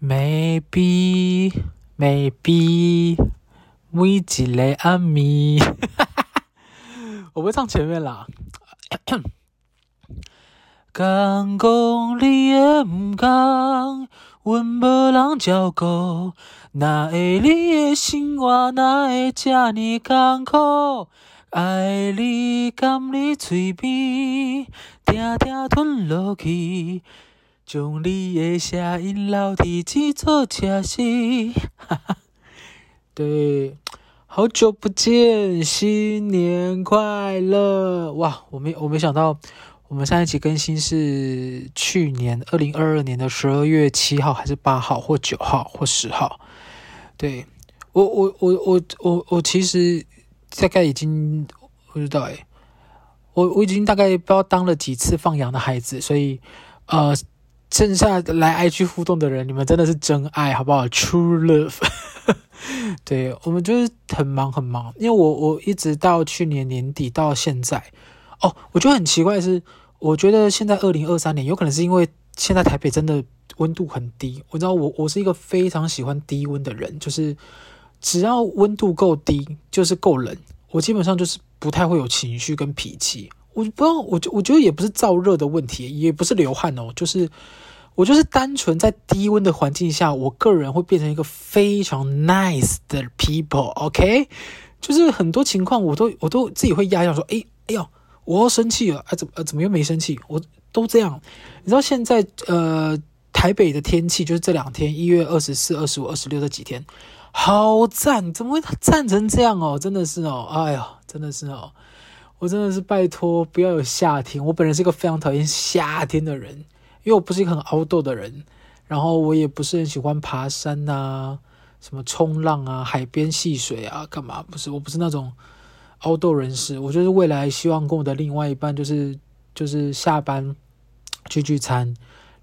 Maybe, maybe, 每一個暗暝，我不會唱前面啦。 敢講你會唔敢？阮無人照顧，哪會你的生活哪會這呢艱苦？愛你甘你嘴邊，定定吞落去。將你的下音留天際做城市，哈哈。對，好久不見，新年快樂！哇，我沒我沒想到，我們上一期更新是去年二零二二年的十二月七號，還是八號，或九號，或十號？對，我，我，我，我，我，我其實大概已經不知道哎，我我已經大概不知道當了幾次放羊的孩子，所以、嗯、呃。剩下來 IG 互動的人，你們真的是真愛，好不好？True love 對。對，我們就是很忙很忙，因為我我一直到去年年底到現在，哦，我覺得很奇怪的是，我覺得現在二零二三年有可能是因為現在台北真的溫度很低。我知道我我是一個非常喜歡低溫的人，就是只要溫度夠低，就是夠冷，我基本上就是不太會有情緒跟脾氣。我不要，我覺我覺得也不是燥熱的問題，也不是流汗哦，就是我就是單純在低溫的環境下，我個人會變成一個非常 nice 的 people，OK？Okay？就是很多情況我都我都自己會壓下說，哎、欸、哎、欸、呦，我要生氣了、啊，怎麼、啊、怎麼又沒生氣？我都這樣，你知道現在呃台北的天氣就是這兩天一月二十四、二十五、二十六這幾天，好讚，怎麼會贊成這樣哦？真的是哦，哎呦，真的是哦。我真的是拜託，不要有夏天。我本人是一個非常討厭夏天的人，因為我不是一個很 outdoor 的人，然後我也不是很喜歡爬山啊，什麼衝浪啊，海邊戲水啊，幹嘛？不是，我不是那種 outdoor 人士。我就是未來希望跟我的另外一半，就是就是下班去聚餐，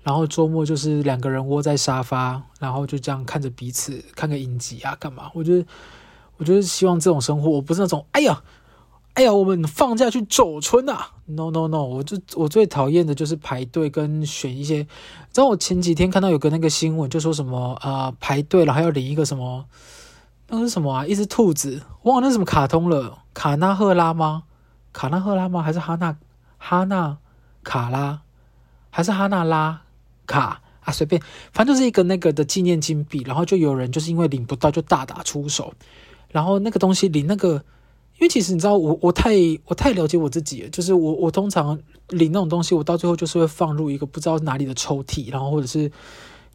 然後週末就是兩個人窩在沙發，然後就這樣看着彼此，看個影集啊，幹嘛？我就是，我就是希望這種生活。我不是那種，哎呀。哎呀，我們放假去走春啊？No No No，我就我最討厭的就是排隊跟選一些。知道我前幾天看到有個那個新聞，就說什麼啊、呃、排隊了還要領一個什麼？那個是什麼啊？一只兔子？忘了那什麼卡通了？卡納赫拉嗎？卡納赫拉嗎？還是哈納哈納卡拉？還是哈納拉卡啊？隨便，反正就是一個那個的紀念金幣，然後就有人就是因為領不到就大打出手，然後那個東西領那個。因為其實你知道我，我我太我太了解我自己了，就是我我通常領那種東西，我到最後就是會放入一個不知道哪裡的抽屜，然後或者是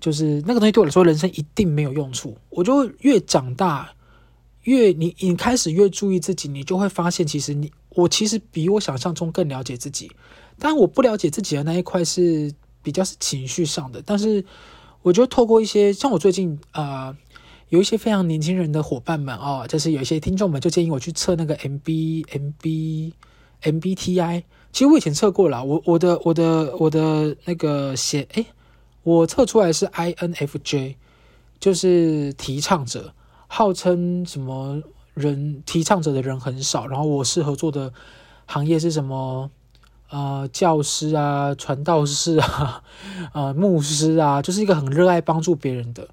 就是那個東西對我來說，人生一定沒有用處。我就越長大，越你你開始越注意自己，你就會發現，其實你我其實比我想象中更了解自己。但我不了解自己的那一塊是比較是情緒上的，但是我覺得透過一些像我最近啊。呃有一些非常年輕人的夥伴們哦，就是有一些聽眾們就建議我去測那個 MBMBMBTI，其實我以前測過了，我我的我的我的那個寫哎，我測出來是 INFJ，就是提倡者，號稱什麼人提倡者的人很少，然後我適合做的行業是什麼？呃，教師啊，傳道士啊，呃，牧師啊，就是一個很熱愛幫助別人的。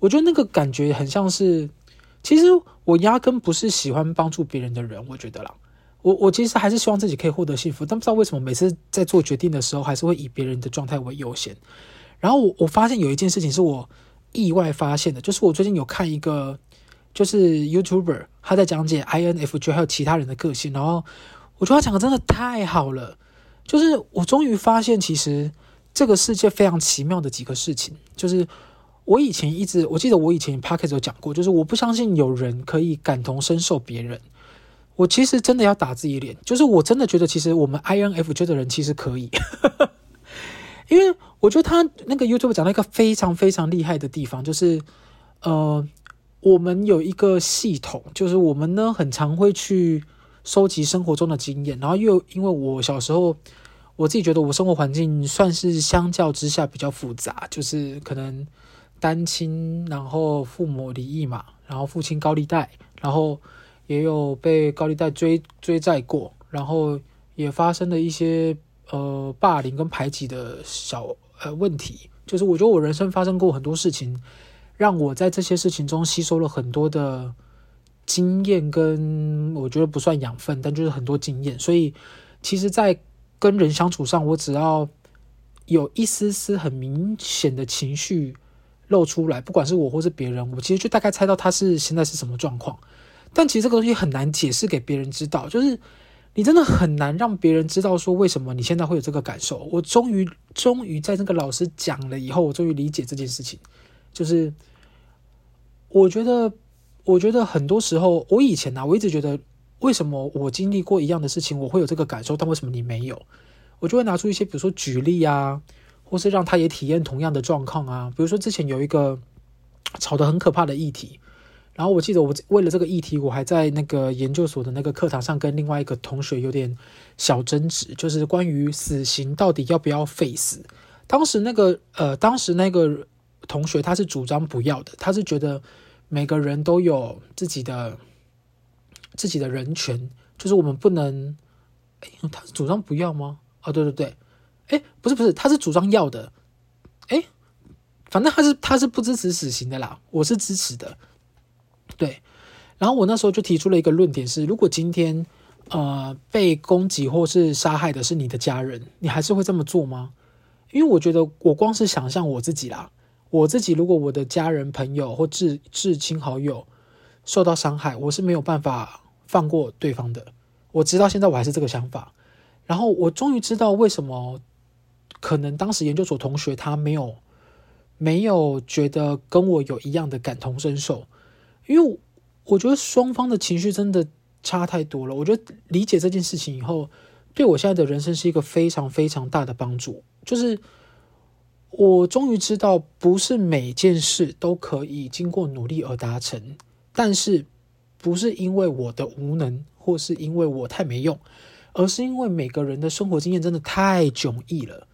我覺得那個感覺很像是，其實我壓根不是喜歡幫助別人的人，我覺得啦，我我其實還是希望自己可以獲得幸福，但不知道為什麼每次在做決定的時候，還是會以別人的狀態為優先。然後我我發現有一件事情是我意外發現的，就是我最近有看一個就是 YouTuber 他在講解 INFJ 還有其他人的個性，然後我覺得他講得真的太好了，就是我終於發現其實這個世界非常奇妙的幾個事情，就是。我以前一直，我記得我以前 Podcast 有講過，就是我不相信有人可以感同身受別人。我其實真的要打自己臉，就是我真的覺得，其實我們 INFJ 的人其實可以， 因為我覺得他那個 YouTube 講到一個非常非常厲害的地方，就是呃，我們有一個系統，就是我們呢很常會去收集生活中的經驗，然後又因為我小時候我自己覺得我生活環境算是相較之下比較複雜，就是可能。單親，然後父母離異嘛，然後父親高利貸，然後也有被高利貸追追債過，然後也發生了一些呃霸凌跟排擠的小呃問題。就是我覺得我人生發生過很多事情，讓我在這些事情中吸收了很多的經驗跟，跟我覺得不算養分，但就是很多經驗。所以其實，在跟人相處上，我只要有一絲絲很明顯的情緒。露出來，不管是我或是別人，我其實就大概猜到他是現在是什麼狀況。但其實這個東西很難解釋給別人知道，就是你真的很難讓別人知道說為什麼你現在會有這個感受。我終於終於在那個老師講了以後，我終於理解這件事情。就是我覺得我覺得很多時候，我以前呢，啊，我一直覺得為什麼我經歷過一樣的事情，我會有這個感受，但為什麼你沒有？我就會拿出一些，比如說舉例啊。或是讓他也體驗同樣的狀況啊，比如說之前有一個吵得很可怕的議題，然後我記得我為了這個議題，我還在那個研究所的那個課堂上跟另外一個同學有點小爭執，就是關於死刑到底要不要廢死。當時那個呃，當時那個同學他是主張不要的，他是覺得每個人都有自己的自己的人權，就是我們不能，欸，他是主張不要嗎？哦，對對對。哎，不是不是，他是主張要的，哎，反正他是他是不支持死刑的啦，我是支持的，對。然後我那時候就提出了一個論點是，如果今天呃被攻擊或是殺害的是你的家人，你還是會這麼做嗎？因為我覺得我光是想象我自己啦，我自己如果我的家人、朋友或至至親好友受到傷害，我是沒有辦法放過對方的。我直到現在我還是這個想法。然後我終於知道為什麼。可能當時研究所同學他，沒有沒有覺得跟我有一樣的感同身受，因為我，我覺得雙方的情緒真的差太多了。我覺得理解這件事情以後，對我現在的人生是一個非常非常大的幫助。就是我終於知道，不是每件事都可以經過努力而達成，但是不是因為我的無能，或是因為我太沒用，而是因為每個人的生活經驗真的太迥異了。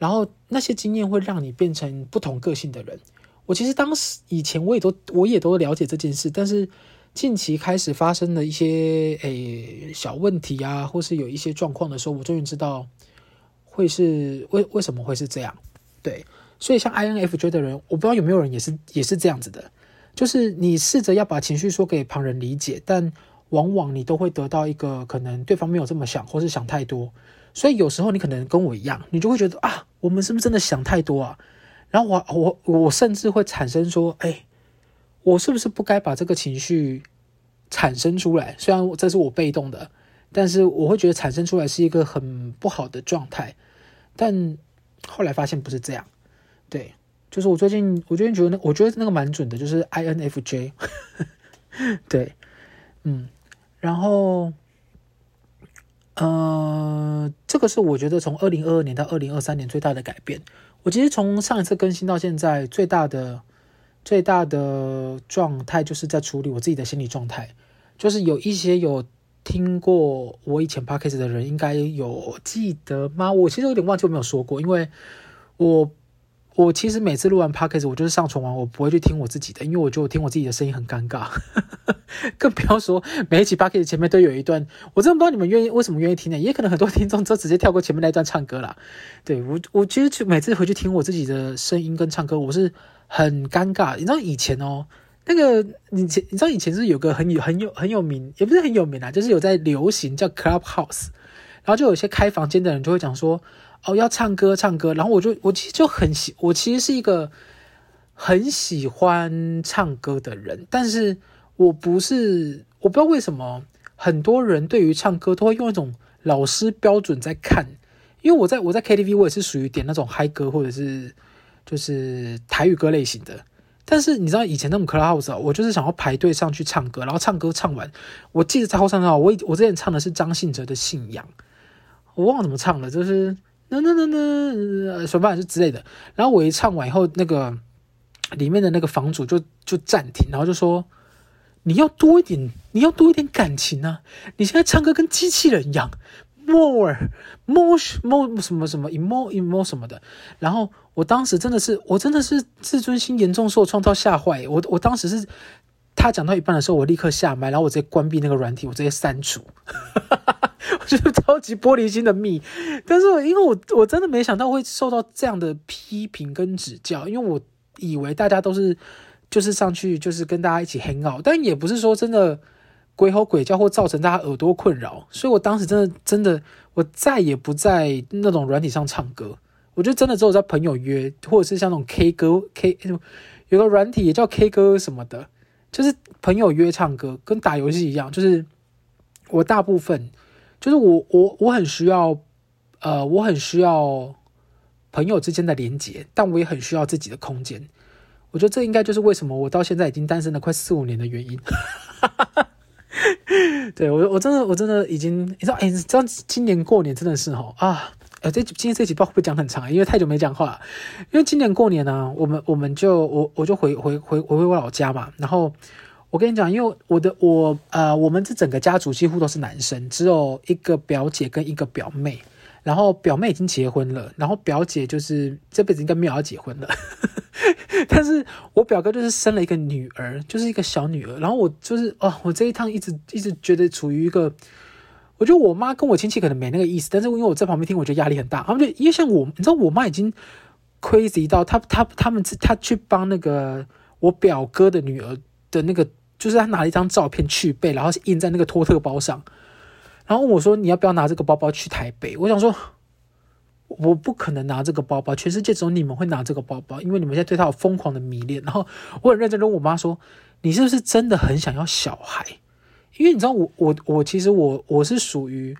然後那些經驗會讓你變成不同個性的人。我其實當時以前我也都我也都了解這件事，但是近期開始發生了一些誒小問題啊，或是有一些狀況的時候，我終於知道會是為為什麼會是這樣。對，所以像 INFJ 的人，我不知道有沒有人也是也是這樣子的，就是你試着要把情緒說給旁人理解，但往往你都會得到一個可能對方沒有這麼想，或是想太多。所以有時候你可能跟我一樣，你就會覺得啊。我們是不是真的想太多啊？然後我我我甚至會產生說，哎，我是不是不該把這個情緒產生出來？雖然這是我被動的，但是我會覺得產生出來是一個很不好的狀態。但後來發現不是這樣，對，就是我最近我最近覺得那我覺得那個蠻準的，就是 I N F J， 對，嗯，然後。呃，這個是我覺得從二零二二年到二零二三年最大的改變。我其實從上一次更新到現在，最大的最大的狀態就是在處理我自己的心理狀態。就是有一些有聽過我以前 podcast 的人，應該有記得嗎？我其實有點忘記我沒有說過，因為我。我其實每次錄完 podcast 我就是上傳完，我不會去聽我自己的，因為我覺得我聽我自己的聲音很尷尬， 更不要說每一期 podcast 前面都有一段，我真的不知道你們願意為什麼願意聽呢？也可能很多聽眾都直接跳過前面那一段唱歌啦。對我，我其實去每次回去聽我自己的聲音跟唱歌，我是很尷尬。你知道以前哦，那個以前你知道以前是，是有個很有很有很有名，也不是很有名啊，就是有在流行叫 club house, 然後就有些開房間的人就會講說。哦，要唱歌，唱歌，然後我就我其實就很喜，我其實是一個很喜歡唱歌的人，但是我不是，我不知道為什麼很多人對於唱歌都會用一種老師標準在看，因為我在我在 KTV 我也是屬於點那種嗨歌或者是就是台語歌類型的，但是你知道以前那種 Clubhouse 啊，我就是想要排隊上去唱歌，然後唱歌唱完，我記得在後山上，我我之前唱的是張信哲的《信仰》，我忘了怎麼唱了，就是。那那那呃什麼之類的。然後我一唱完以後，那個裡面的那個房主就就暫停，然後就說：“你要多一點，你要多一點感情啊！你現在唱歌跟機器人一樣。”More, more, more 什麼什麼 emotion, emotion 什麼的。然後我當時真的是，我真的是自尊心嚴重受創造嚇壞、欸。我我當時是。他講到一半的時候，我立刻下麥，然後我直接關閉那個軟體，我直接刪除。哈哈哈，我就是超級玻璃心的蜜，但是因為我我真的沒想到會受到這樣的批評跟指教，因為我以為大家都是就是上去就是跟大家一起 hang out，但也不是說真的鬼吼鬼叫或造成大家耳朵困擾，所以我當時真的真的我再也不在那種軟體上唱歌，我就真的只有在朋友約或者是像那種 K 歌 K 有個軟體也叫 K 歌什麼的。就是朋友約唱歌，跟打遊戲一樣。就是我大部分，就是我我我很需要，呃，我很需要朋友之間的連接，但我也很需要自己的空間。我覺得這應該就是為什麼我到現在已經單身了快四五年的原因。 對我我真的我真的已經你知道誒你知道今年過年真的是齁啊。呃，這今天這期會不會講很長？因為太久沒講話。因為今年過年呢，啊，我們我們就我我就回回回回回我老家嘛。然後我跟你講，因為我的我呃，我們這整個家族幾乎都是男生，只有一個表姐跟一個表妹。然後表妹已經結婚了，然後表姐就是這輩子應該沒有要結婚了。 但是我表哥就是生了一個女兒，就是一個小女兒。然後我就是哦，我這一趟一直一直覺得處於一個。我覺得我媽跟我親戚可能沒那個意思，但是因為我在旁邊聽，我覺得壓力很大。他們就因為像我，你知道我媽已經 crazy 到她她她們她去幫那個我表哥的女兒的那個，就是她拿了一張照片去背，然後印在那個托特包上，然後我說你要不要拿這個包包去台北？我想說我不可能拿這個包包，全世界只有你們會拿這個包包，因為你們現在對她有瘋狂的迷戀。然後我很認真跟我媽說，你是不是真的很想要小孩？因為你知道我我我其實我我是屬於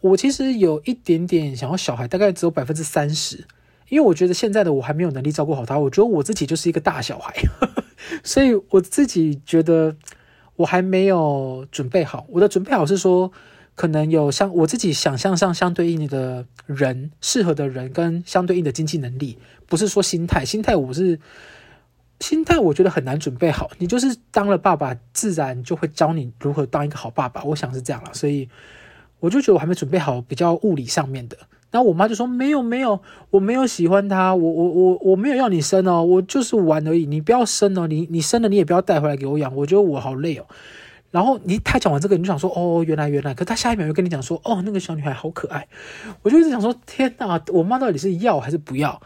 我其實有一點點想要小孩，大概只有百分之三十。因為我覺得現在的我還沒有能力照顧好他，我覺得我自己就是一個大小孩，呵呵，所以我自己覺得我還沒有準備好。我的準備好是說，可能有相我自己想象上相對應的人，適合的人跟相對應的經濟能力，不是說心態，心態我是。心態我覺得很難準備好，你就是當了爸爸，自然就會教你如何當一個好爸爸。我想是這樣了，所以我就覺得我還沒準備好，比較物理上面的。然後我媽就說：“沒有沒有，我沒有喜歡她，我我我我沒有要你生哦，我就是玩而已，你不要生哦，你你生了你也不要帶回來給我養，我覺得我好累哦。”然後你她講完這個你就想說：“哦，原來原來。原來”可她下一秒又跟你講說：“哦，那個小女孩好可愛。”我就一直想說：“天吶，我媽到底是要還是不要？”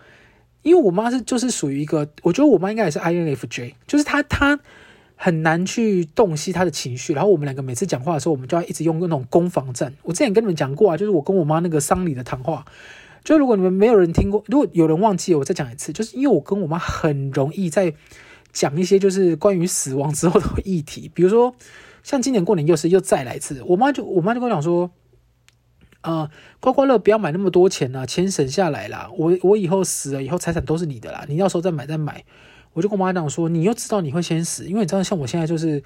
因為我媽是就是屬於一個，我覺得我媽應該也是 INFJ，就是她她很難去洞悉她的情緒。然後我們兩個每次講話的時候，我們就要一直用那種攻防戰。我之前也跟你們講過啊，就是我跟我媽那個喪禮的談話，就如果你們沒有人聽過，如果有人忘記了，我再講一次。就是因為我跟我媽很容易在講一些就是關於死亡之後的議題，比如說像今年過年又是又再來一次，我媽就我媽就跟我講說。啊、呃，刮刮樂，不要買那麼多錢啊，錢省下來啦。我我以後死了以後財產都是你的啦，你到時候再買再買。我就跟我媽講說，你又知道你會先死，因為你知道像我現在就是，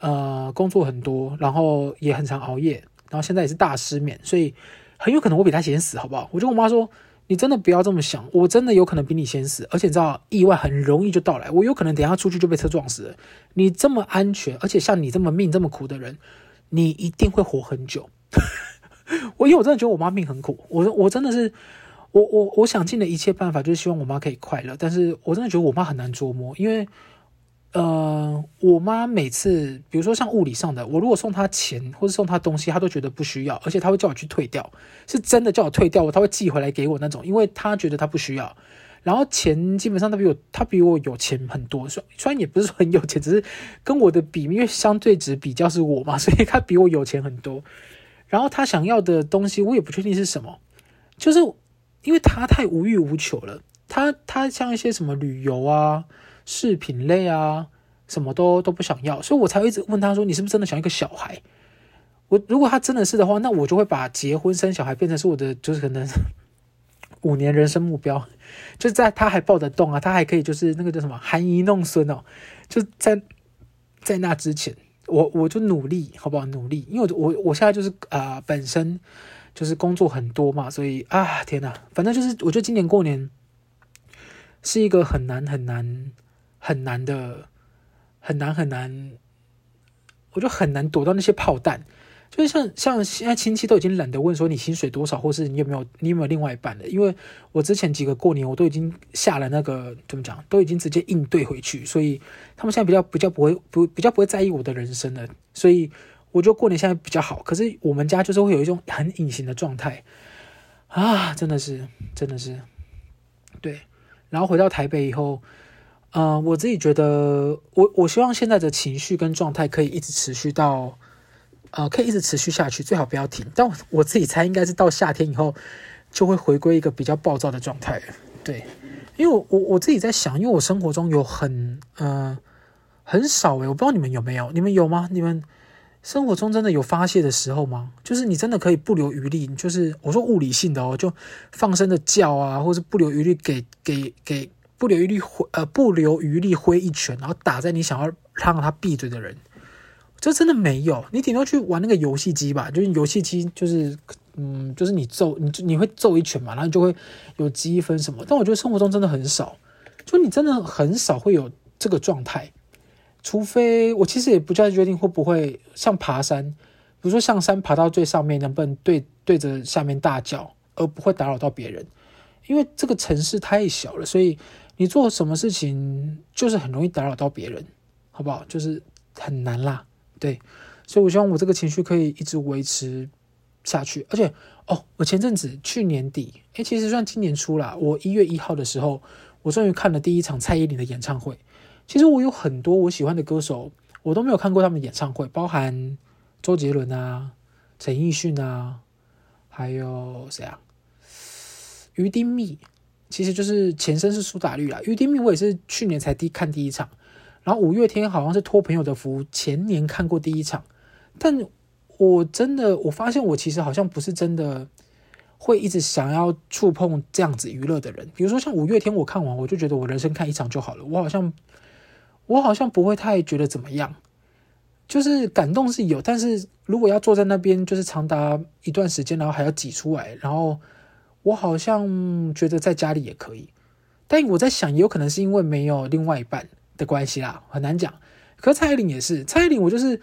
呃，工作很多，然後也很常熬夜，然後現在也是大失眠，所以很有可能我比她先死，好不好？我就跟我媽說，你真的不要這麼想，我真的有可能比你先死，而且你知道意外很容易就到來，我有可能等一下出去就被車撞死了。你這麼安全，而且像你這麼命這麼苦的人，你一定會活很久。 我因為我真的覺得我媽命很苦，我我真的是我我我想盡了一切辦法，就是希望我媽可以快樂，但是我真的覺得我媽很難捉摸，因為呃，我媽每次比如說像物理上的，我如果送她錢或者送她東西，她都覺得不需要，而且她會叫我去退掉，是真的叫我退掉，她會寄回來給我那種，因為她覺得她不需要。然後錢基本上她比我她比我有錢很多，雖然雖然也不是很有錢，只是跟我的比，因為相對值比較是我嘛，所以她比我有錢很多。然後他想要的東西我也不確定是什麼，就是因為他太無欲無求了，他他像一些什麼旅遊啊、飾品類啊，什麼都都不想要，所以我才會一直問他說：“你是不是真的想一個小孩？”我如果他真的是的話，那我就會把結婚生小孩變成是我的就是可能五年人生目標，就在他還抱得動啊，他還可以就是那個叫什麼含飴弄孫哦，就在在那之前。我我就努力，好不好？努力，因為我，我我我現在就是啊、呃，本身就是工作很多嘛，所以啊，天吶、啊，反正就是，我覺得今年過年是一個很難很難很難的，很難很難，我就很難躲到那些炮彈。就是像像現在親戚都已經懶得問說你薪水多少，或是你有沒有你有沒有另外一半的，因為我之前幾個過年我都已經下了那個怎麼講，都已經直接應對回去，所以他們現在比較比較不會不比較不會在意我的人生了。所以我覺得過年現在比較好。可是我們家就是會有一種很隱形的狀態啊，真的是真的是。對，然後回到台北以後，嗯、呃，我自己覺得我我希望現在的情緒跟狀態可以一直持續到。呃，可以一直持續下去，最好不要停。但我我自己猜，應該是到夏天以後就會回歸一個比較暴躁的狀態。對，因為我我我自己在想，因為我生活中有很嗯、呃、很少誒，我不知道你們有沒有，你們有嗎？你們生活中真的有發洩的時候嗎？就是你真的可以不留餘力，就是我說物理性的哦，就放聲的叫啊，或者是不留餘力給給給不留餘力揮呃不留餘力揮一拳，然後打在你想要讓他閉嘴的人。這真的沒有，你頂多去玩那個遊戲機吧，就是遊戲機，就是嗯，就是你揍你，你會揍一拳嘛，然後就會有積分什麼。但我覺得生活中真的很少，就你真的很少會有這個狀態，除非我其實也不確定會不會像爬山，比如說上山爬到最上面，能不能對對着下面大叫，而不會打擾到別人，因為這個城市太小了，所以你做什麼事情就是很容易打擾到別人，好不好？就是很難啦。對，所以我希望我這個情緒可以一直維持下去。而且，哦，我前陣子去年底，誒，其實算今年初了。我一月一號的時候，我終於看了第一場蔡依林的演唱會。其實我有很多我喜歡的歌手，我都沒有看過他們演唱會，包含周杰倫啊、陳奕迅啊，還有誰啊？魚丁糸，其實就是前身是蘇打綠啦。魚丁糸，我也是去年才第看第一場。然後五月天好像是托朋友的福，前年看過第一場，但我真的我發現我其實好像不是真的會一直想要觸碰這樣子娛樂的人，比如說像五月天，我看完我就覺得我人生看一場就好了，我好像我好像不會太覺得怎麼樣，就是感動是有，但是如果要坐在那邊就是長達一段時間，然後還要擠出來，然後我好像覺得在家裡也可以，但我在想，也有可能是因為沒有另外一半。的關係啦，很難講。可蔡依林也是，蔡依林我就是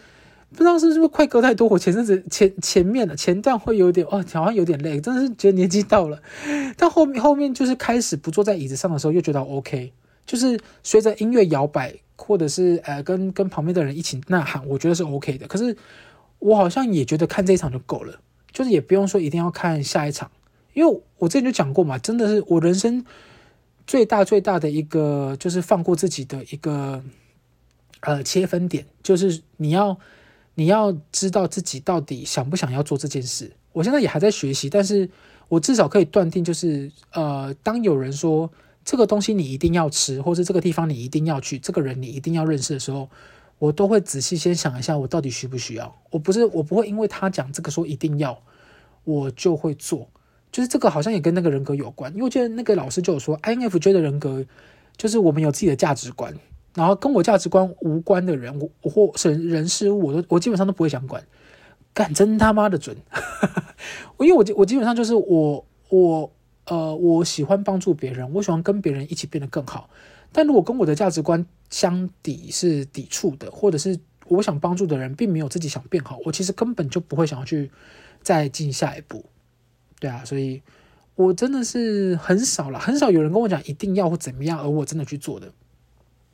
不知道是不是快歌太多，我前陣子前前面的前段會有點哦，好像有點累，真的是覺得年紀到了。但後面後面就是開始不坐在椅子上的時候，又覺得 OK，就是隨着音樂搖擺，或者是呃跟跟旁邊的人一起吶喊，我覺得是 OK 的。可是我好像也覺得看這一場就夠了，就是也不用說一定要看下一場，因為我之前就講過嘛，真的是我人生。最大最大的一個就是放過自己的一個呃切分點，就是你要你要知道自己到底想不想要做這件事。我現在也還在學習，但是我至少可以斷定，就是呃，當有人說這個東西你一定要吃，或是這個地方你一定要去，這個人你一定要認識的時候，我都會仔細先想一下，我到底需不需要？我不是我不會因為他講這個說一定要，我就會做。就是這個好像也跟那個人格有關，因為我覺得那個老師就有說，INFJ 的人格就是我們有自己的價值觀，然後跟我價值觀無關的人，我或人人事物，我都我基本上都不會想管。幹真他媽的準！ 因為我基我基本上就是我我呃我喜歡幫助別人，我喜歡跟別人一起變得更好。但如果跟我的價值觀相抵是抵觸的，或者是我想幫助的人並沒有自己想變好，我其實根本就不會想要去再進下一步。對啊，所以，我真的是很少了，很少有人跟我講一定要或怎麼樣，而我真的去做的。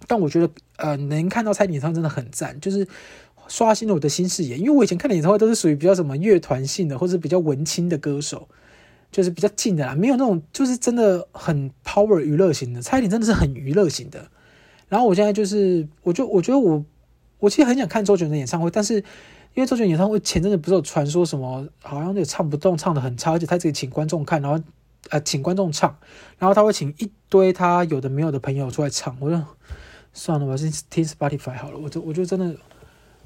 但我覺得，呃，能看到蔡依林唱真的很讚，就是刷新了我的新視野。因為我以前看演唱會都是屬於比較什麼樂團性的，或者比較文青的歌手，就是比較近的啦，沒有那種就是真的很 power 娛樂型的。蔡依林真的是很娛樂型的。然後我現在就是，我就我覺得我我其實很想看周杰倫的演唱會，但是。因為周杰倫演唱會前陣子不是有傳說什麼，好像也唱不動，唱得很差，而且他自己請觀眾看，然後呃，請觀眾唱，然後他會請一堆他有的沒有的朋友出來唱。我說算了，我還是聽 Spotify 好了。我就我就真的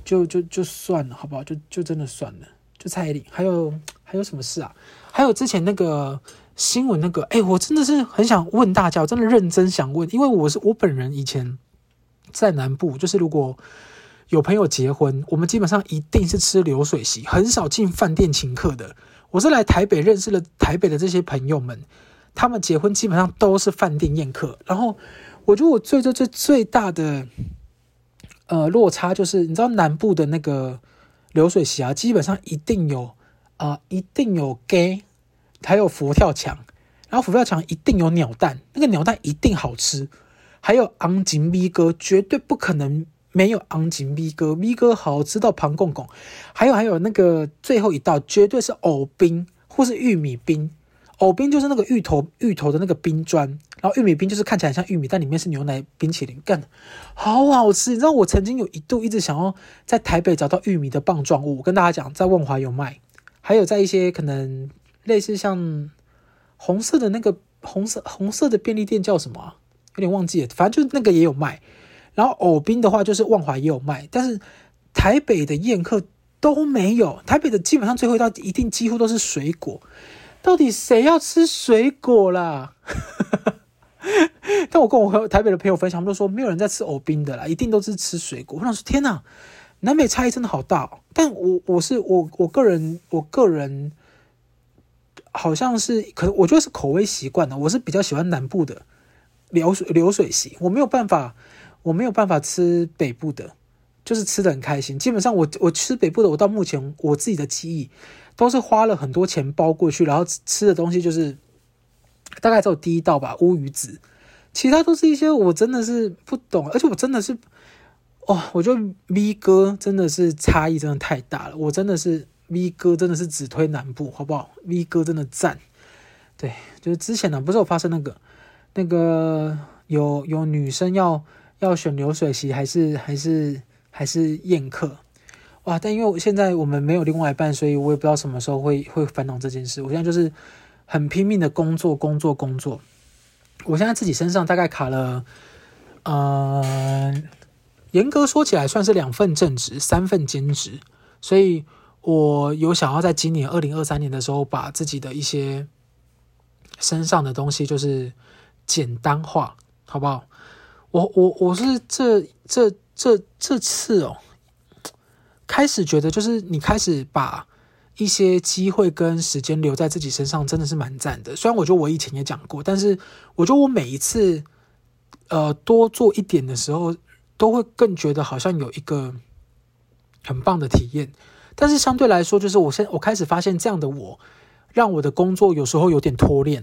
就就就算了，好不好？就就真的算了。就蔡依林，還有還有什麼事啊？還有之前那個新聞那個，誒，欸，我真的是很想問大家，我真的認真想問，因為我是我本人以前在南部，就是如果。有朋友結婚，我們基本上一定是吃流水席，很少進飯店請客的。我是來台北認識了台北的這些朋友們，他們結婚基本上都是飯店宴客。然後，我覺得我最最最最大的呃落差就是，你知道南部的那個流水席啊，基本上一定有啊、呃，一定有雞，還有佛跳牆，然後佛跳牆一定有鳥蛋，那個鳥蛋一定好吃，還有昂金咪哥，絕對不可能，沒有昂緊咪哥，咪哥好吃到胖公公，還有還有那個最後一道絕對是藕冰或是玉米冰，藕冰就是那個芋頭芋頭的那個冰磚，然後玉米冰就是看起來像玉米，但裡面是牛奶冰淇淋，幹，好好吃。你知道我曾經有一度一直想要在台北找到玉米的棒狀物，我跟大家講，在萬華有賣，還有在一些可能類似像紅色的那個紅色紅色的便利店叫什麼、啊，有點忘記了，反正就那個也有賣。然後藕冰的話，就是萬華也有賣，但是台北的宴客都沒有，台北的基本上最後一道一定幾乎都是水果，到底誰要吃水果啦？ 但我跟我台北的朋友分享，他們都說沒有人在吃藕冰的啦，一定都是吃水果。我想說，天哪，南北差異真的好大哦。但我我是我我個人我個人，個人好像是可我覺得是口味習慣的，我是比較喜歡南部的流水流水席，我沒有辦法。我沒有辦法吃北部的，就是吃的很開心。基本上我，我我吃北部的，我到目前我自己的記憶都是花了很多錢包過去，然後吃的東西就是大概只有第一道吧，烏魚子，其他都是一些我真的是不懂，而且我真的是，哦，我覺得 V 哥真的是差異真的太大了，我真的是 V 哥真的是只推南部，好不好？V 哥真的贊，對，就是之前呢，不是有發生那個那個有有女生要要選流水席還是還是還是宴客哇？但因為我現在我們沒有另外一半，所以我也不知道什麼時候會會煩惱這件事。我現在就是很拼命的工作工作工作。我現在自己身上大概卡了，嗯、呃，嚴格說起來算是兩份正職，三份兼職，所以我有想要在今年二零二三年的時候把自己的一些身上的東西就是簡單化，好不好？我我我是這這這這次哦，開始覺得就是你開始把一些機會跟時間留在自己身上，真的是蠻讚的。雖然我覺得我以前也講過，但是我覺得我每一次，呃，多做一點的時候，都會更覺得好像有一個很棒的體驗。但是相對來說，就是我現在我開始發現，這樣的我讓我的工作有時候有點拖累，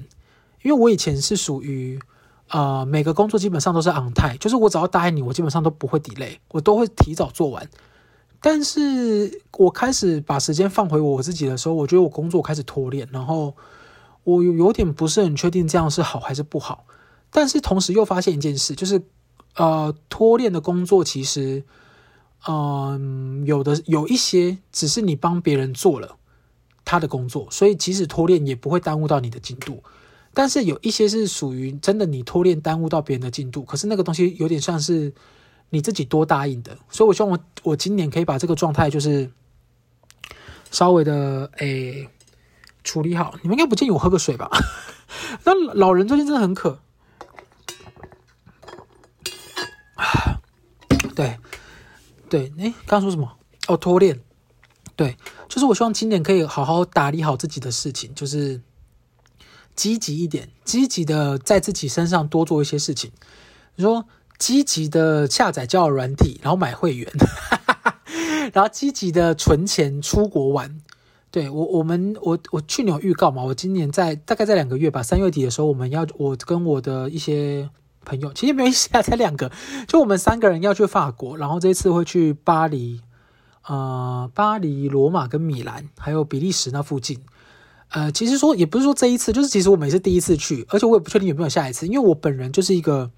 因為我以前是屬於。啊、呃，每個工作基本上都是 on time，就是我只要答應你，我基本上都不會 delay，我都會提早做完。但是我開始把時間放回我自己的時候，我覺得我工作開始拖練，然後我有點不是很確定這樣是好還是不好。但是同時又發現一件事，就是呃拖練的工作其實，嗯、呃、有的有一些只是你幫別人做了他的工作，所以即使拖練也不會耽誤到你的進度。但是有一些是屬於真的你脫鏈耽誤到別人的進度，可是那個東西有點像是你自己多答應的，所以我希望我我今年可以把這個狀態就是稍微的誒、欸、處理好。你們應該不介意我喝個水吧？ 那老人最近真的很渴啊！ 對對，哎、欸，剛剛說什麼？哦，脫鏈。對，就是我希望今年可以好好打理好自己的事情，就是。積極一點，積極的在自己身上多做一些事情。你說，積極的下載教軟體，然後買會員， 然後積極的存錢出國玩。對我，我們，我，我去年有預告嘛？我今年在大概在兩個月吧，三月底的時候，我們要我跟我的一些朋友，其實沒有一下，才兩個，就我們三個人要去法國，然後這次會去巴黎，呃，巴黎、羅馬跟米蘭，還有比利時那附近。呃，其實說也不是說這一次，就是其實我每次第一次去，而且我也不確定有沒有下一次，因為我本人就是一個，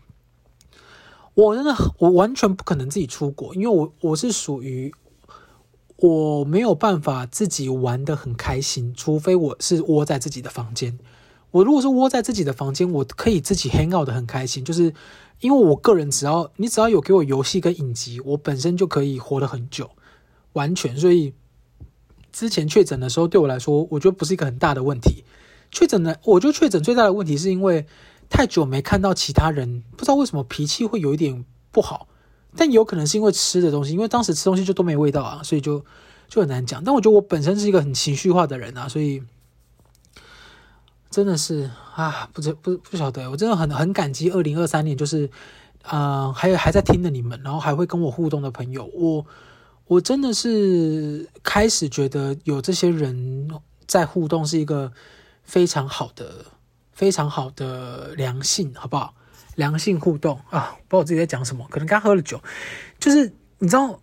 我真的我完全不可能自己出國，因為我我是屬於我沒有辦法自己玩的很開心，除非我是窩在自己的房間。我如果是窩在自己的房間，我可以自己 hang out 的很開心，就是因為我個人只要你只要有給我遊戲跟影集，我本身就可以活得很久，完全所以。之前確診的時候，對我來說，我覺得不是一個很大的問題。確診的，我覺得確診最大的問題是因為太久沒看到其他人，不知道為什麼脾氣會有一點不好。但有可能是因為吃的東西，因為當時吃東西就都沒味道啊，所以就就很難講。但我覺得我本身是一個很情緒化的人啊，所以真的是啊，不知不不曉得。我真的很很感激二零二三年，就是啊、呃，還有還在聽着你們，然後還會跟我互動的朋友，我。我真的是開始覺得有這些人在互動是一個非常好的、非常好的良性，好不好？良性互動啊！我不知道我自己在講什麼，可能剛喝了酒。就是你知道，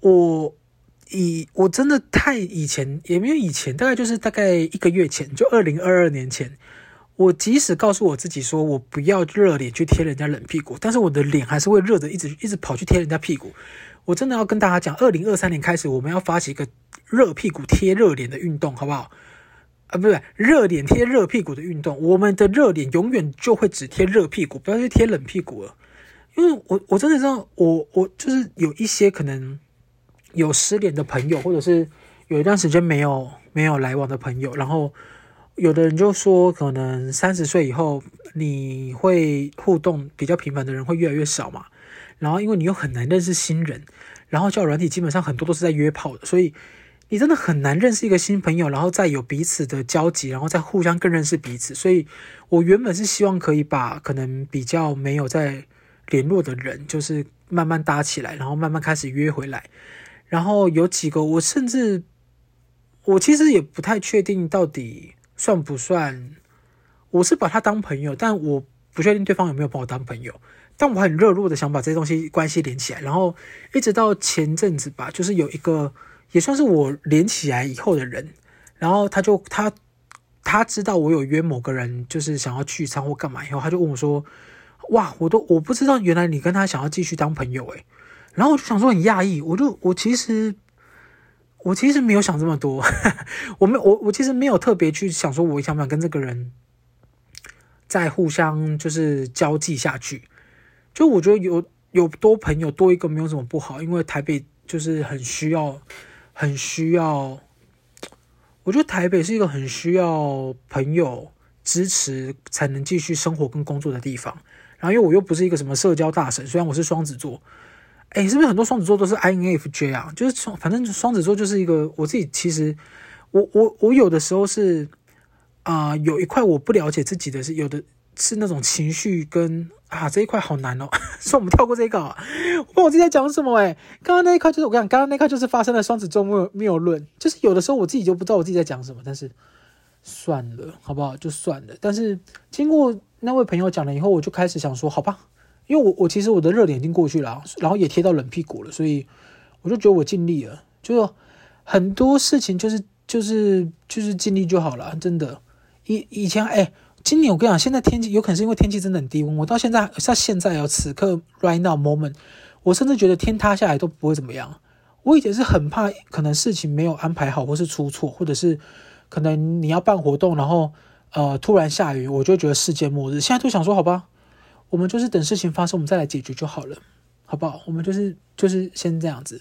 我以我真的太以前也沒有以前，大概就是大概一個月前，就二零二二年前，我即使告訴我自己說我不要熱臉去貼人家冷屁股，但是我的臉還是會熱着，一直一直跑去貼人家屁股。我真的要跟大家講，二零二三年開始，我們要發起一個熱屁股貼熱臉的運動，好不好？啊，不對，熱臉貼熱屁股的運動，我們的熱臉永遠就會只貼熱屁股，不要去貼冷屁股了。因為我我真的知道，我我就是有一些可能有失聯的朋友，或者是有一段時間沒有沒有來往的朋友，然後有的人就說，可能三十歲以後你會互動比較頻繁的人會越來越少嘛，然後因為你又很難認識新人。然後交友軟體，基本上很多都是在約炮的，所以你真的很難認識一個新朋友，然後再有彼此的交集，然後再互相更認識彼此。所以，我原本是希望可以把可能比較沒有在聯絡的人，就是慢慢搭起來，然後慢慢開始約回來。然後有幾個，我甚至我其實也不太確定到底算不算，我是把他當朋友，但我不確定對方有沒有把我當朋友。但我很熱絡的想把這些東西關係連起來，然後一直到前陣子吧，就是有一個也算是我連起來以後的人，然後他就他他知道我有約某個人，就是想要聚餐或幹嘛，以後他就問我說：“哇，我都我不知道，原來你跟他想要繼續當朋友誒、欸。”然後我就想說很訝異，我就我其實我其實沒有想這麼多， 我沒我我其實沒有特別去想說我想不想跟這個人再互相就是交際下去。就我覺得有有多朋友多一個沒有什麼不好，因為台北就是很需要，很需要。我覺得台北是一個很需要朋友支持才能繼續生活跟工作的地方。然後，因為我又不是一個什麼社交大神，雖然我是雙子座。哎，是不是很多雙子座都是 INFJ 啊？就是雙，反正雙子座就是一個我自己。其實我我我有的時候是啊、呃，有一塊我不了解自己的是有的是那種情緒跟。啊，這一塊好難哦、喔，算 我們跳過這一稿。我 我自己在講什麼、欸？誒剛剛那一塊就是我講，剛剛那一塊就是發生了雙子座沒有論，就是有的時候我自己就不知道我自己在講什麼。但是算了，好不好？就算了。但是經過那位朋友講了以後，我就開始想說，好吧，因為我我其實我的熱點已經過去了、啊，然後也貼到冷屁股了，所以我就覺得我盡力了。就是很多事情就是就是就是盡力就好了，真的。以以前誒、欸今年我跟你講，現在天氣有可能是因為天氣真的很低溫。我到現在像現在啊此刻 right now moment，我甚至覺得天塌下來都不會怎麼樣。我以前是很怕，可能事情沒有安排好，或是出錯，或者是可能你要辦活動，然後呃突然下雨，我就覺得世界末日。現在都想說，好吧，我們就是等事情發生，我們再來解決就好了，好不好？我們就是就是先這樣子，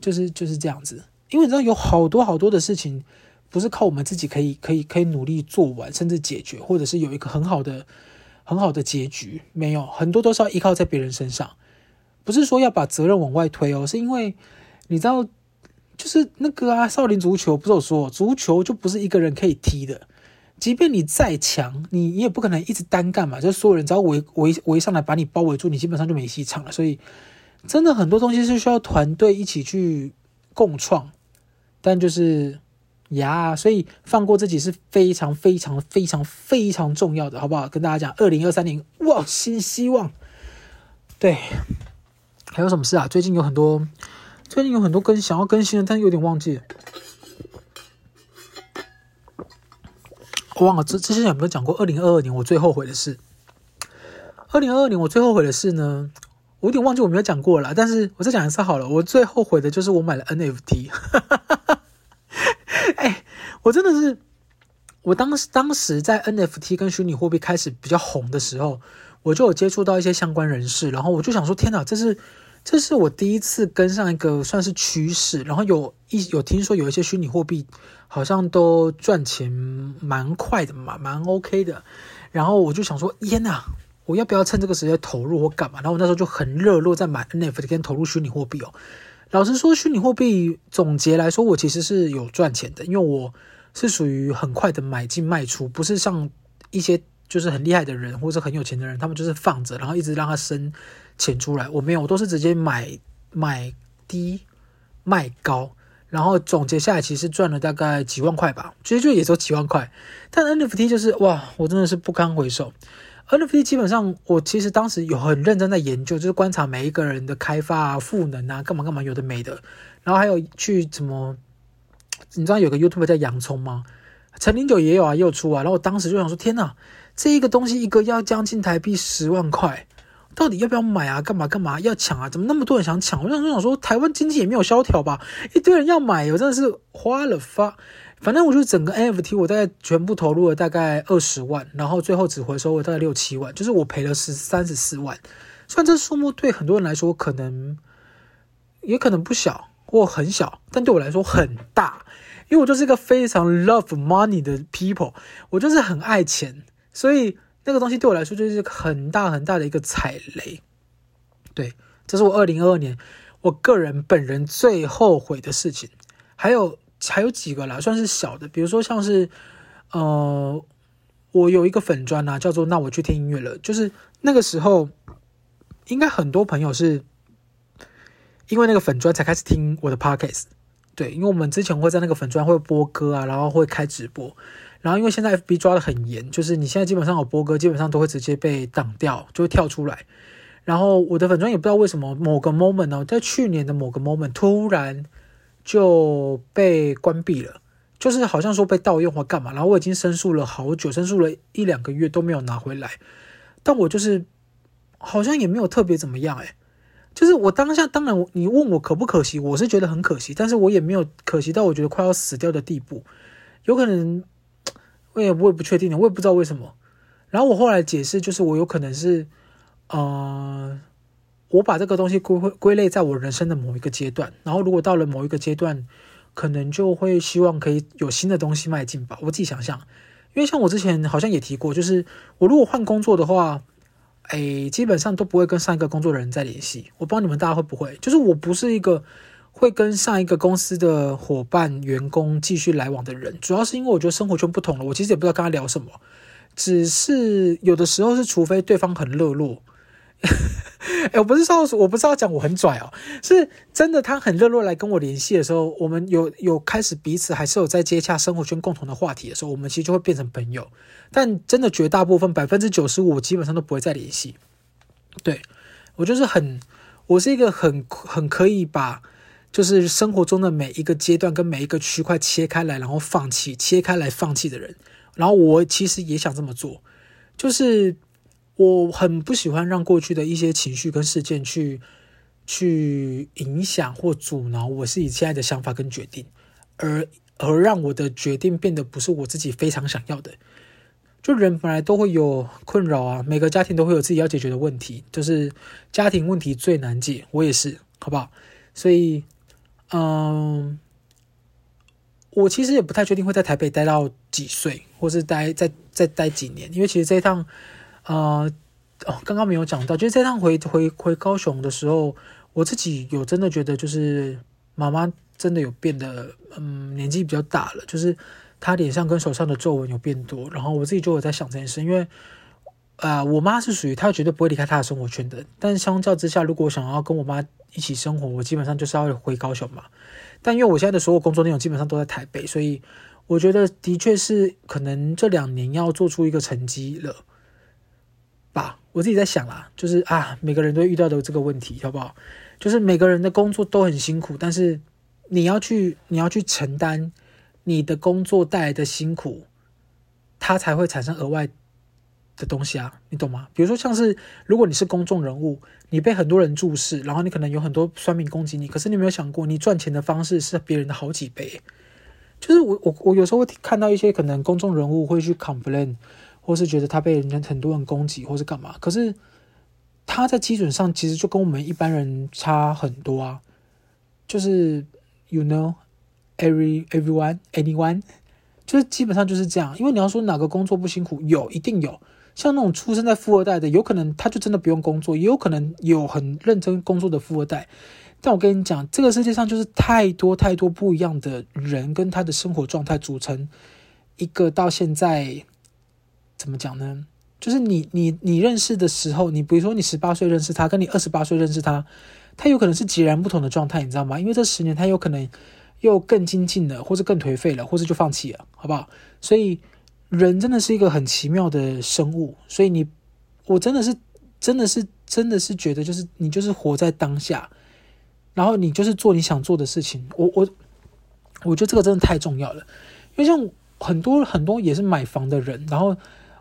就是就是這樣子，因為你知道有好多好多的事情。不是靠我們自己可以、可以、可以努力做完，甚至解決，或者是有一個很好的、很好的結局，沒有，很多都是要依靠在別人身上。不是說要把責任往外推哦，是因為你知道，就是那個啊，少林足球不是我說，足球就不是一個人可以踢的，即便你再強，你你也不可能一直單幹嘛，就所有人只要圍圍圍上來把你包圍住，你基本上就沒戲唱了。所以，真的很多東西是需要團隊一起去共創，但就是。呀、yeah，所以放過自己是非常非常非常非常重要的，好不好？跟大家講，二零二三年，哇，新希望。對，還有什麼事啊？最近有很多，最近有很多更想要更新的，但是有點忘記。我忘了，這之前有沒有講過？二零二二年我最後悔的事。二零二二年我最後悔的事呢，我有點忘記我沒有講過了。但是我再講一次好了，我最後悔的就是我買了 NFT 呵呵。哎、欸，我真的是，我當時當時在 NFT 跟虛擬貨幣開始比較紅的時候，我就有接觸到一些相關人士，然後我就想說，天吶，這是這是我第一次跟上一個算是趨勢，然後有一有聽說有一些虛擬貨幣好像都賺錢蠻快的嘛，蠻 OK 的，然後我就想說，天吶，我要不要趁這個時間投入或幹嘛？然後我那時候就很熱絡在買 NFT 跟投入虛擬貨幣哦。老實說，虛擬貨幣總結來說，我其實是有賺錢的，因為我是屬於很快的買進賣出，不是像一些就是很厲害的人或者很有錢的人，他們就是放着，然後一直讓它生錢出來。我沒有，我都是直接買買低賣高，然後總結下來，其實賺了大概幾萬塊吧，其實就也只有幾萬塊。但 NFT 就是哇，我真的是不堪回首。NFT 基本上，我其實當時有很認真在研究，就是觀察每一個人的開發啊、賦能啊、幹嘛幹嘛，有的沒的。然後還有去怎麼，你知道有個 YouTuber 叫洋蔥嗎？陳零九也有啊，也有出啊。然後我當時就想說：天吶，這一個東西一個要將近台幣十萬塊，到底要不要買啊？幹嘛幹嘛？要搶啊？怎麼那麼多人想搶？我就想說，台灣經濟也沒有蕭條吧？一堆人要買，我真的是花了發。反正我就整個 NFT，我大概全部投入了大概二十萬，然後最後只回收了大概六七萬，就是我賠了十三十四萬。雖然這數目對很多人來說可能也可能不小或很小，但對我來說很大，因為我就是一個非常 love money 的 people，我就是很愛錢，所以那個東西對我來說就是很大很大的一個踩雷。對，這是我二零二二年我個人本人最後悔的事情，還有。還有幾個啦，算是小的，比如說像是，呃，我有一個粉磚啊，叫做“那我去聽音樂了”。就是那個時候，應該很多朋友是因為那個粉磚才開始聽我的 p o c k s t。對，因為我們之前會在那個粉磚會播歌啊，然後會開直播。然後因為現在 FB 抓的很嚴，就是你現在基本上我播歌，基本上都會直接被擋掉，就會跳出來。然後我的粉磚也不知道為什麼，某個 moment 哦、啊，在去年的某個 moment 突然。就被關閉了，就是好像說被盜用或幹嘛，然後我已經申訴了好久，申訴了一兩個月都沒有拿回來，但我就是好像也沒有特別怎麼樣哎，就是我當下，當然你問我可不可惜，我是覺得很可惜，但是我也沒有可惜到我覺得快要死掉的地步，有可能我也，我也不確定，我也不知道為什麼，然後我後來解釋，就是我有可能是，嗯。我把這個東西歸歸類在我人生的某一個階段，然後如果到了某一個階段，可能就會希望可以有新的東西邁進吧。我自己想象，因為像我之前好像也提過，就是我如果換工作的話，誒、哎，基本上都不會跟上一個工作的人再聯繫。我不知道你們大家會不會，就是我不是一個會跟上一個公司的夥伴、員工繼續來往的人，主要是因為我覺得生活圈不同了，我其實也不知道跟他聊什麼，只是有的時候是，除非對方很熱絡。哎、 欸，我不是說，我不知道講我很拽哦、啊，是真的。他很熱絡來跟我聯繫的時候，我們有有開始彼此還是有在接洽生活圈共同的話題的時候，我們其實就會變成朋友。但真的絕大部分百分之九十五基本上都不會再聯繫。對，我就是很，我是一個很很可以把就是生活中的每一個階段跟每一個區塊切開來，然後放棄切開來放棄的人。然後我其實也想這麼做，就是。我很不喜歡讓過去的一些情緒跟事件去去影響或阻撓。我是以現在的想法跟決定，而而讓我的決定變得不是我自己非常想要的。就人本來都會有困擾啊，每個家庭都會有自己要解決的問題，就是家庭問題最難解，我也是，好不好？所以，嗯，我其實也不太確定會在台北待到幾歲，或是待再再待幾年，因為其實這一趟。啊、呃、哦，剛剛沒有講到，就是這趟回回回高雄的時候，我自己有真的覺得，就是媽媽真的有變得，嗯，年紀比較大了，就是她臉上跟手上的皺紋有變多。然後我自己就有在想這件事，因為啊、呃，我媽是屬於她絕對不會離開她的生活圈的。但是相較之下，如果我想要跟我媽一起生活，我基本上就是要回高雄嘛。但因為我現在的所有工作內容基本上都在台北，所以我覺得的確是可能這兩年要做出一個成績了。我自己在想啊，就是啊，每個人都遇到的這個問題，好不好？就是每個人的工作都很辛苦，但是你要去你要去承擔你的工作帶來的辛苦，它才會產生額外的東西啊，你懂嗎？比如說，像是如果你是公眾人物，你被很多人注視，然後你可能有很多酸民攻擊你，可是你有沒有想過，你賺錢的方式是別人的好幾倍。就是我我我有時候會看到一些可能公眾人物會去 complain。或是覺得他被人家很多人攻擊，或是幹嘛？可是他在基準上其實就跟我們一般人差很多啊。就是 you know, every, everyone, anyone，就是基本上就是這樣。因為你要說哪個工作不辛苦，有，一定有。像那種出生在富二代的，有可能他就真的不用工作，也有可能有很認真工作的富二代。但我跟你講，這個世界上就是太多太多不一樣的人，跟他的生活狀態組成一個到現在。怎麼講呢？就是你你你認識的時候，你比如說你十八歲認識他，跟你二十八歲認識他，他有可能是截然不同的狀態，你知道嗎？因為這十年他有可能又更精進了，或者更頹廢了，或者就放棄了，好不好？所以人真的是一個很奇妙的生物。所以你我真的是真的是真的是覺得，就是你就是活在當下，然後你就是做你想做的事情。我我我覺得這個真的太重要了，因為像很多很多也是買房的人，然後。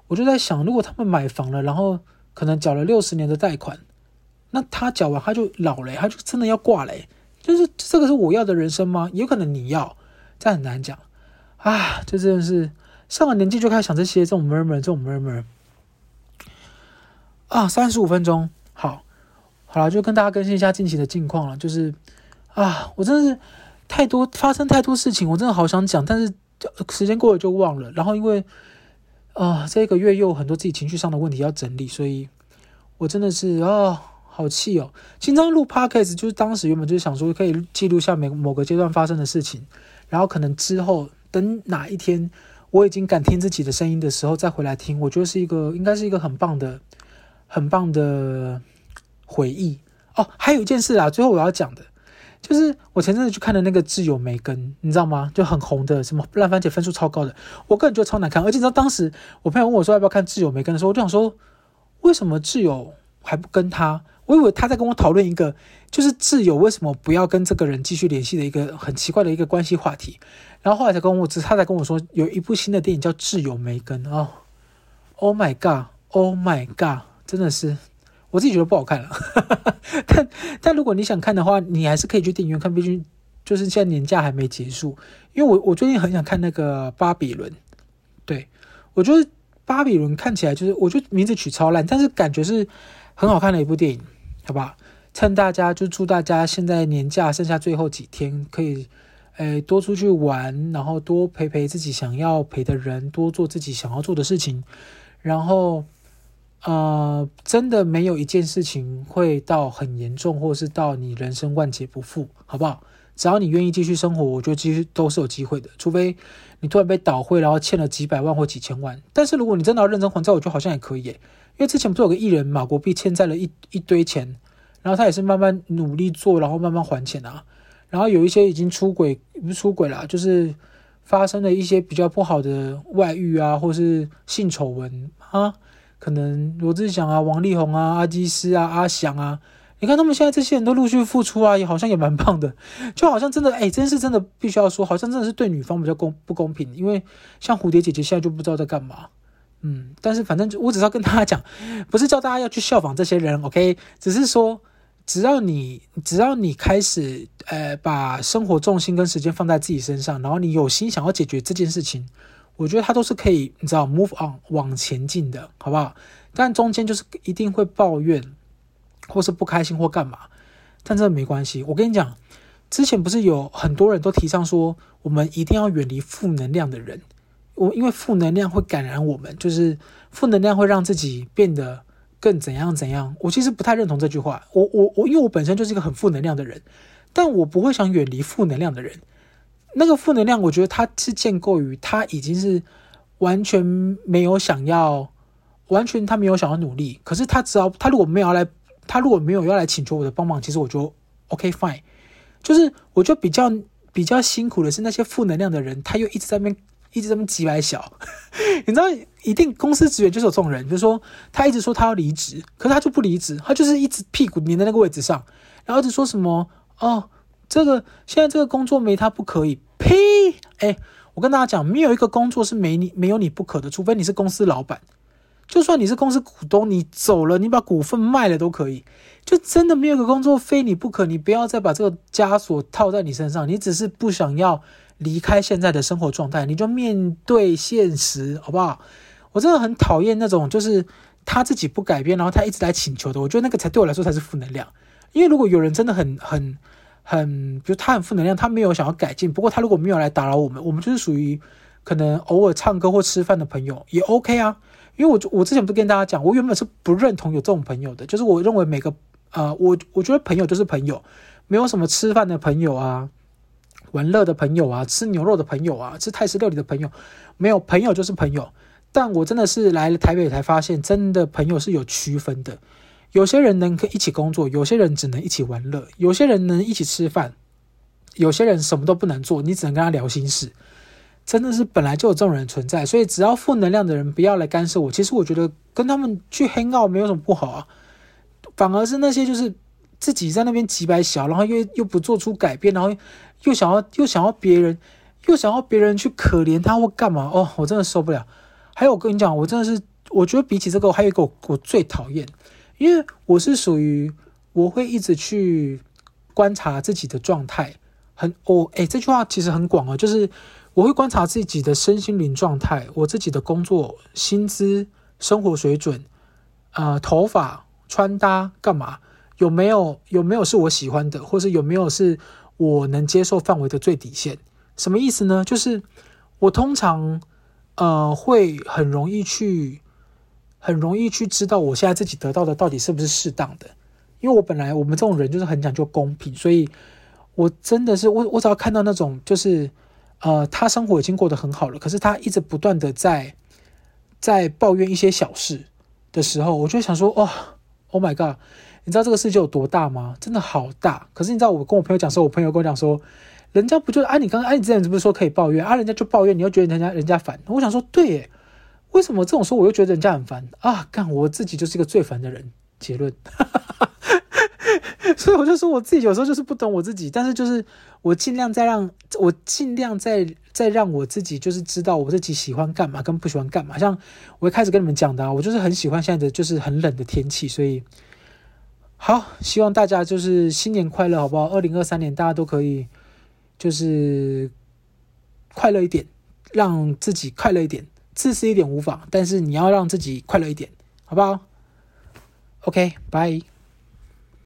我就在想，如果他們買房了，然後可能繳了六十年的貸款，那他繳完他就老嘞，他就真的要掛嘞。就是這個是我要的人生嗎？有可能你要，這很難講啊！就真的是上了年紀就開始想這些這種 murmur 這種 murmur 啊！三十五分鐘，好，好了，就跟大家更新一下近期的近況了。就是啊，我真的是太多發生太多事情，我真的好想講，但是時間過了就忘了。然後因為啊、呃，這個月又有很多自己情緒上的問題要整理，所以我真的是啊、哦，好氣哦。經常錄 podcast，就是當時原本就是想說可以記錄下每某個階段發生的事情，然後可能之後等哪一天我已經敢聽自己的聲音的時候再回來聽，我覺得是一個應該是一個很棒的很棒的回憶哦。還有一件事啊，最後我要講的。就是我前陣子去看的那個《摯友梅根》，你知道嗎？就很紅的，什麼爛番茄分數超高的，我個人覺得超難看。而且你知道當時我朋友問我說要不要看《摯友梅根》的時候，我就想說，為什麼摯友還不跟他？我以為他在跟我討論一個，就是摯友為什麼不要跟這個人繼續聯繫的一個很奇怪的一個關係話題。然後後來才跟我知，他才跟我說有一部新的電影叫《摯友梅根》啊、哦！Oh my god！Oh my god！真的是。我自己覺得不好看了 但，但但如果你想看的話，你還是可以去電影院看，畢竟就是現在年假還沒結束。因為我我最近很想看那個《巴比倫》對，對我覺得《巴比倫》看起來就是，我就名字取超爛，但是感覺是很好看的一部電影，好吧？趁大家，就祝大家現在年假剩下最後幾天，可以誒多出去玩，然後多陪陪自己想要陪的人，多做自己想要做的事情，然後。呃，真的沒有一件事情會到很嚴重，或是到你人生萬劫不復，好不好？只要你願意繼續生活，我覺得其實都是有機會的。除非你突然被倒會，然後欠了幾百萬或幾千萬。但是如果你真的要認真還債，我覺,我覺得好像也可以耶。因為之前不是有個藝人馬國畢欠債了一一堆錢，然後他也是慢慢努力做，然後慢慢還錢啊。然後有一些已經出軌，不是出軌了，就是發生了一些比較不好的外遇啊，或是性醜聞啊。可能羅志祥啊，王力宏啊，阿基師啊，阿翔啊，你看他們現在這些人都陸續復出啊，也好像也蠻棒的，就好像真的，哎、欸，真是真的必須要說，好像真的是對女方比較公不公平，因為像蝴蝶姐姐現在就不知道在幹嘛，嗯，但是反正我只要跟大家講，不是叫大家要去效仿這些人，OK，只是說只要你只要你開始，呃，把生活重心跟時間放在自己身上，然後你有心想要解決這件事情。我覺得他都是可以，你知道，move on 往前進的，好不好？但中間就是一定會抱怨，或是不開心，或幹嘛，但這沒關係。我跟你講，之前不是有很多人都提倡說，我們一定要遠離負能量的人，我因為負能量會感染我們，就是負能量會讓自己變得更怎樣怎樣。我其實不太認同這句話。我我我，因為我本身就是一個很負能量的人，但我不會想遠離負能量的人。那個負能量，我覺得他是建構於他已經是完全沒有想要，完全他沒有想要努力。可是他只要他如果沒有要來，他如果沒有要來請求我的幫忙，其實我就 OK fine。就是我就比較比較辛苦的是那些負能量的人，他又一直在那邊一直在那邊擠來小，你知道，一定公司職員就是有這種人，就是說他一直說他要離職，可是他就不離職，他就是一直屁股粘在那個位置上，然後就說什麼哦，這個現在這個工作沒他不可以。呸！哎、欸，我跟大家講，沒有一個工作是沒你沒有你不可的，除非你是公司老闆，就算你是公司股東，你走了，你把股份賣了都可以，就真的沒有一個工作非你不可。你不要再把這個枷鎖套在你身上，你只是不想要離開現在的生活狀態，你就面對現實，好不好？我真的很討厭那種就是他自己不改變，然後他一直在請求的，我覺得那個才對我來說才是負能量，因為如果有人真的很很。很，就他很負能量，他沒有想要改進。不過他如果沒有來打擾我們，我們就是屬於可能偶爾唱歌或吃飯的朋友也 OK 啊。因為我我之前都跟大家講，我原本是不認同有這種朋友的，就是我認為每個呃，我我覺得朋友就是朋友，沒有什麼吃飯的朋友啊，玩樂的朋友啊，吃牛肉的朋友啊，吃泰式料理的朋友，沒有朋友就是朋友。但我真的是來了台北才發現，真的朋友是有區分的。有些人能可以一起工作，有些人只能一起玩樂，有些人能一起吃飯，有些人什麼都不能做，你只能跟他聊心事。真的是本來就有這種人的存在，所以只要負能量的人不要來干涉我。其實我覺得跟他們去 hang out 沒有什麼不好啊，反而是那些就是自己在那邊幾百小，然後又又不做出改變，然後又想要又想要別人又想要別人去可憐他或幹嘛哦，我真的受不了。還有我跟你講，我真的是我覺得比起這個，還有一個我我最討厭。因為我是屬於我會一直去觀察自己的狀態很，很哦哎，這句話其實很廣哦、啊，就是我會觀察自己的身心靈狀態，我自己的工作薪資、生活水準，呃，頭髮穿搭幹嘛有沒有有沒有是我喜歡的，或是有沒有是我能接受範圍的最底線。什麼意思呢？就是我通常呃會很容易去。很容易去知道，我現在自己得到的到底是不是適當的，因為我本來我們這種人就是很講究公平，所以我真的是我我只要看到那種就是，呃，他生活已經過得很好了，可是他一直不斷的在，在抱怨一些小事的時候，我就想說，哦 oh my god，你知道這個世界有多大嗎？真的好大。可是你知道我跟我朋友講說，我朋友跟我講說，人家不就按、啊、你剛剛按、啊、你這樣子不是說可以抱怨啊？人家就抱怨，你又覺得人家人家煩。我想說，對耶為什麼這種說我又覺得人家很煩啊？幹我自己就是一個最煩的人。結論，哈哈哈。所以我就說我自己有時候就是不懂我自己，但是就是我盡量在讓我盡量在在讓我自己就是知道我自己喜歡幹嘛跟不喜歡幹嘛。像我一開始跟你們講的、啊，我就是很喜歡現在的就是很冷的天氣。所以好，希望大家就是新年快樂，好不好？二零二三年大家都可以就是快樂一點，讓自己快樂一點。自私一點無妨，但是你要讓自己快樂一點，好不好？OK，拜。